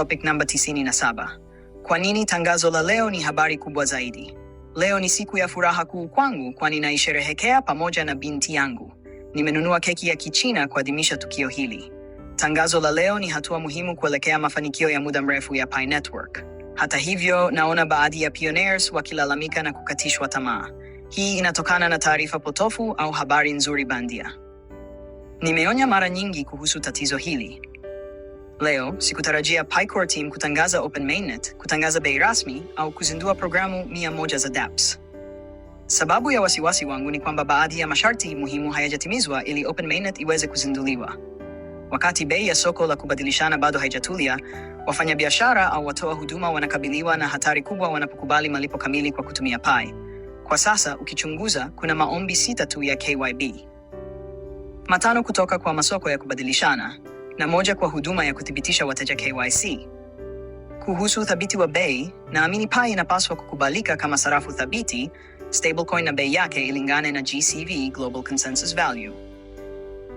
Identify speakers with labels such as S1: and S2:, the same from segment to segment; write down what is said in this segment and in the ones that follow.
S1: topic namba 97. Kwa nini tangazo la leo ni habari kubwa zaidi? Leo ni siku ya furaha kuu kwangu, kwani naisherehekea pamoja na binti yangu. Nimenunua keki ya Kichina kuadhimisha tukio hili. Tangazo la leo ni hatua muhimu kuelekea mafanikio ya muda mrefu ya Pi Network. Hata hivyo, naona baadhi ya pioneers wakilalamika na kukatishwa tamaa. Hii inatokana na taarifa potofu au habari nzuri bandia. Nimeonya mara nyingi kuhusu tatizo hili. Leo sikutarajia PyCore team kutangaza Open Mainnet, kutangaza bei rasmi au kuzindua programu mia moja za dApps. Sababu ya wasiwasi wangu ni kwamba baadhi ya masharti muhimu hayajatimizwa ili Open Mainnet iweze kuzinduliwa. Wakati bei ya soko la kubadilishana bado haijatulia, wafanyabiashara au watoa huduma wanakabiliwa na hatari kubwa wanapokubali malipo kamili kwa kutumia Pi. Kwa sasa ukichunguza, kuna maombi sita tu ya KYB, matano kutoka kwa masoko ya kubadilishana na moja kwa huduma ya kuthibitisha wateja KYC. Kuhusu uthabiti wa bei, naamini Pi inapaswa kukubalika kama sarafu thabiti, stablecoin na bei yake ilingane na GCV, Global Consensus Value.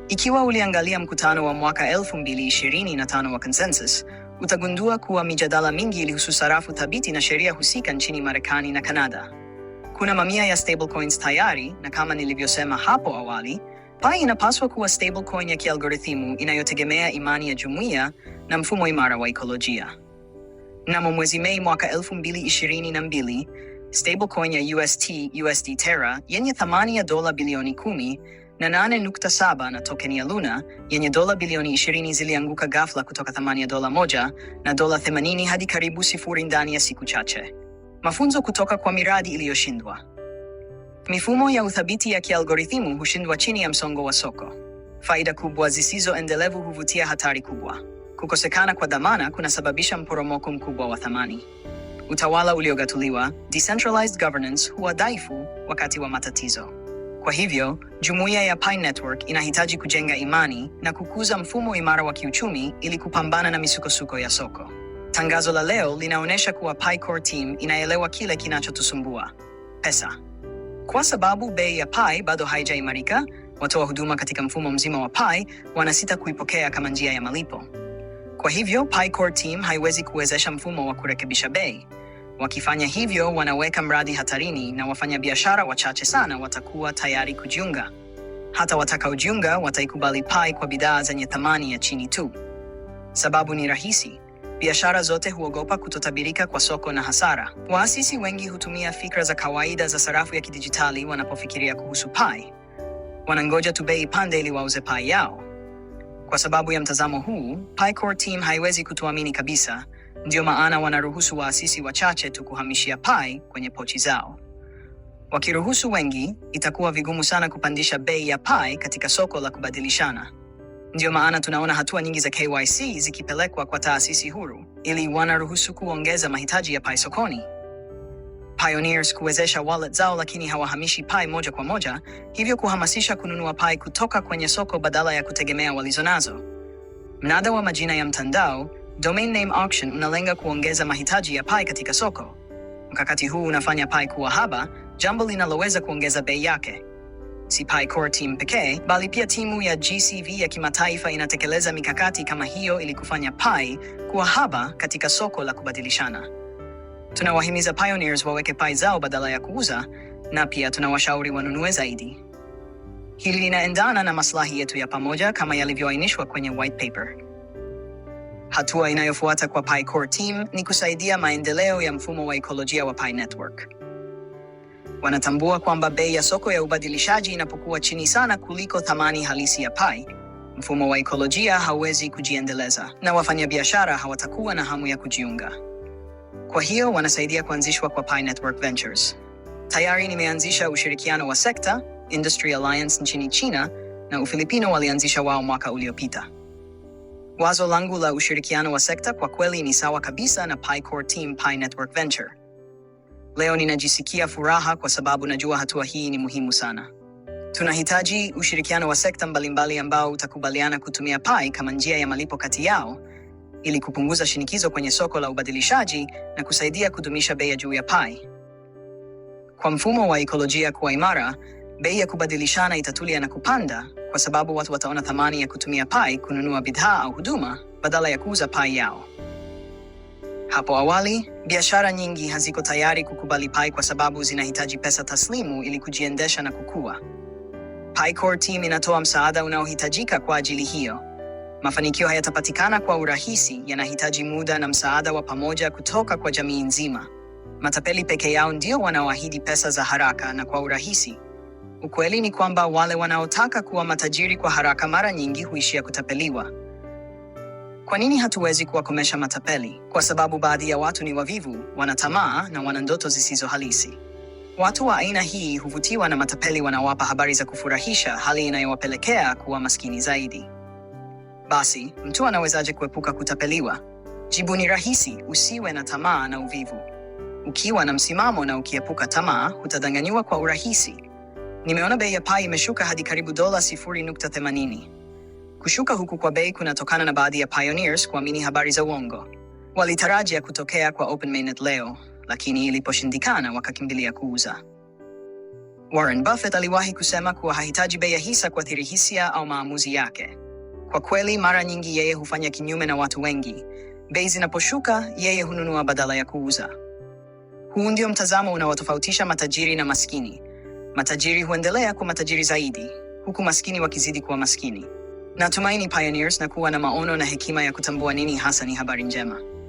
S1: Ikiwa uliangalia mkutano wa mwaka 2025 wa Consensus, utagundua kuwa mijadala mingi ilihusu sarafu thabiti na sheria husika nchini Marekani na Kanada. Kuna mamia ya stablecoins tayari na kama nilivyosema hapo awali pai inapaswa kuwa stablecoin ya kialgorithimu inayotegemea imani ya jumuiya na mfumo imara wa ekolojia. Mnamo mwezi Mei mwaka 2022, stablecoin ya UST USD Terra yenye thamani ya dola bilioni 10 na 8.7 na tokeni ya Luna yenye dola bilioni 20 zilianguka ghafla kutoka thamani ya dola moja na dola 80 hadi karibu sifuri ndani ya siku chache. Mafunzo kutoka kwa miradi iliyoshindwa. Mifumo ya uthabiti ya kialgorithimu hushindwa chini ya msongo wa soko. Faida kubwa zisizo endelevu huvutia hatari kubwa. Kukosekana kwa dhamana kunasababisha mporomoko mkubwa wa thamani. Utawala uliogatuliwa, decentralized governance, huwa dhaifu wakati wa matatizo. Kwa hivyo, jumuiya ya Pi Network inahitaji kujenga imani na kukuza mfumo imara wa kiuchumi ili kupambana na misukosuko ya soko. Tangazo la leo linaonyesha kuwa Pi Core Team inaelewa kile kinachotusumbua: pesa. Kwa sababu bei ya Pi bado haijaimarika, watoa huduma katika mfumo mzima wa Pi wanasita kuipokea kama njia ya malipo. Kwa hivyo Pi Core Team haiwezi kuwezesha mfumo wa kurekebisha bei. Wakifanya hivyo, wanaweka mradi hatarini na wafanyabiashara wachache sana watakuwa tayari kujiunga. Hata watakaojiunga wataikubali Pi kwa bidhaa zenye thamani ya chini tu. Sababu ni rahisi biashara zote huogopa kutotabirika kwa soko na hasara. Waasisi wengi hutumia fikra za kawaida za sarafu ya kidijitali wanapofikiria kuhusu Pai. Wanangoja tu bei ipande ili wauze Pai yao. Kwa sababu ya mtazamo huu, Pi Core Team haiwezi kutuamini kabisa. Ndio maana wanaruhusu waasisi wachache tu kuhamishia Pai kwenye pochi zao. Wakiruhusu wengi, itakuwa vigumu sana kupandisha bei ya Pai katika soko la kubadilishana. Ndiyo maana tunaona hatua nyingi za KYC zikipelekwa kwa taasisi huru ili wanaruhusu kuongeza mahitaji ya Pi sokoni. Pioneers kuwezesha wallet zao lakini hawahamishi Pi moja kwa moja, hivyo kuhamasisha kununua Pi kutoka kwenye soko badala ya kutegemea walizonazo. Mnada wa majina ya mtandao, domain name auction, unalenga kuongeza mahitaji ya Pi katika soko. Mkakati huu unafanya Pi kuwa haba, jambo linaloweza kuongeza bei yake. Sipai Core Team pekee bali pia timu ya GCV ya kimataifa inatekeleza mikakati kama hiyo ili kufanya Pai kuwa haba katika soko la kubadilishana. Tunawahimiza pioneers waweke Pai zao badala ya kuuza, na pia tunawashauri wanunue zaidi. Hili linaendana na maslahi yetu ya pamoja kama yalivyoainishwa kwenye white paper. Hatua inayofuata kwa Core Team ni kusaidia maendeleo ya mfumo wa ekolojia wa Pi Network. Wanatambua kwamba bei ya soko ya ubadilishaji inapokuwa chini sana kuliko thamani halisi ya pai, mfumo wa ekolojia hauwezi kujiendeleza na wafanyabiashara hawatakuwa na hamu ya kujiunga. Kwa hiyo wanasaidia kuanzishwa kwa Pi Network Ventures. Tayari nimeanzisha ushirikiano wa sekta Industry Alliance nchini China na Ufilipino walianzisha wao mwaka uliopita. Wazo langu la ushirikiano wa sekta kwa kweli ni sawa kabisa na Pi Core Team Pi Network Venture. Leo ninajisikia furaha kwa sababu najua hatua hii ni muhimu sana. Tunahitaji ushirikiano wa sekta mbalimbali ambao utakubaliana kutumia Pai kama njia ya malipo kati yao ili kupunguza shinikizo kwenye soko la ubadilishaji na kusaidia kudumisha bei ya juu ya Pai. Kwa mfumo wa ekolojia kuwa imara, bei ya kubadilishana itatulia na kupanda kwa sababu watu wataona thamani ya kutumia Pai kununua bidhaa au huduma badala ya kuuza Pai yao. Hapo awali, biashara nyingi haziko tayari kukubali Pi kwa sababu zinahitaji pesa taslimu ili kujiendesha na kukua. Pi-Core Team inatoa msaada unaohitajika kwa ajili hiyo. Mafanikio hayatapatikana kwa urahisi, yanahitaji muda na msaada wa pamoja kutoka kwa jamii nzima. Matapeli peke yao ndio wanaoahidi pesa za haraka na kwa urahisi. Ukweli ni kwamba wale wanaotaka kuwa matajiri kwa haraka mara nyingi huishia kutapeliwa. Kwa nini hatuwezi kuwakomesha matapeli? Kwa sababu baadhi ya watu ni wavivu, wana tamaa na wana ndoto zisizo halisi. Watu wa aina hii huvutiwa na matapeli wanaowapa habari za kufurahisha, hali inayowapelekea kuwa maskini zaidi. Basi, mtu anawezaje kuepuka kutapeliwa? Jibu ni rahisi, usiwe na tamaa na uvivu. Ukiwa na msimamo na ukiepuka tamaa, hutadanganyiwa kwa urahisi. Nimeona bei ya pai imeshuka hadi karibu dola 0.80. Kushuka huku kwa bei kunatokana na baadhi ya pioneers kuamini habari za uongo. Walitarajia kutokea kwa open mainnet leo, lakini iliposhindikana wakakimbilia kuuza. Warren Buffett aliwahi kusema kuwa hahitaji bei ya hisa kuathiri hisia au maamuzi yake. Kwa kweli, mara nyingi yeye hufanya kinyume na watu wengi. Bei zinaposhuka, yeye hununua badala ya kuuza. Huu ndio mtazamo unaotofautisha matajiri na maskini. Matajiri huendelea kuwa matajiri zaidi, huku maskini wakizidi kuwa maskini. Natumaini pioneers na kuwa na maono na hekima ya kutambua nini hasa ni habari njema.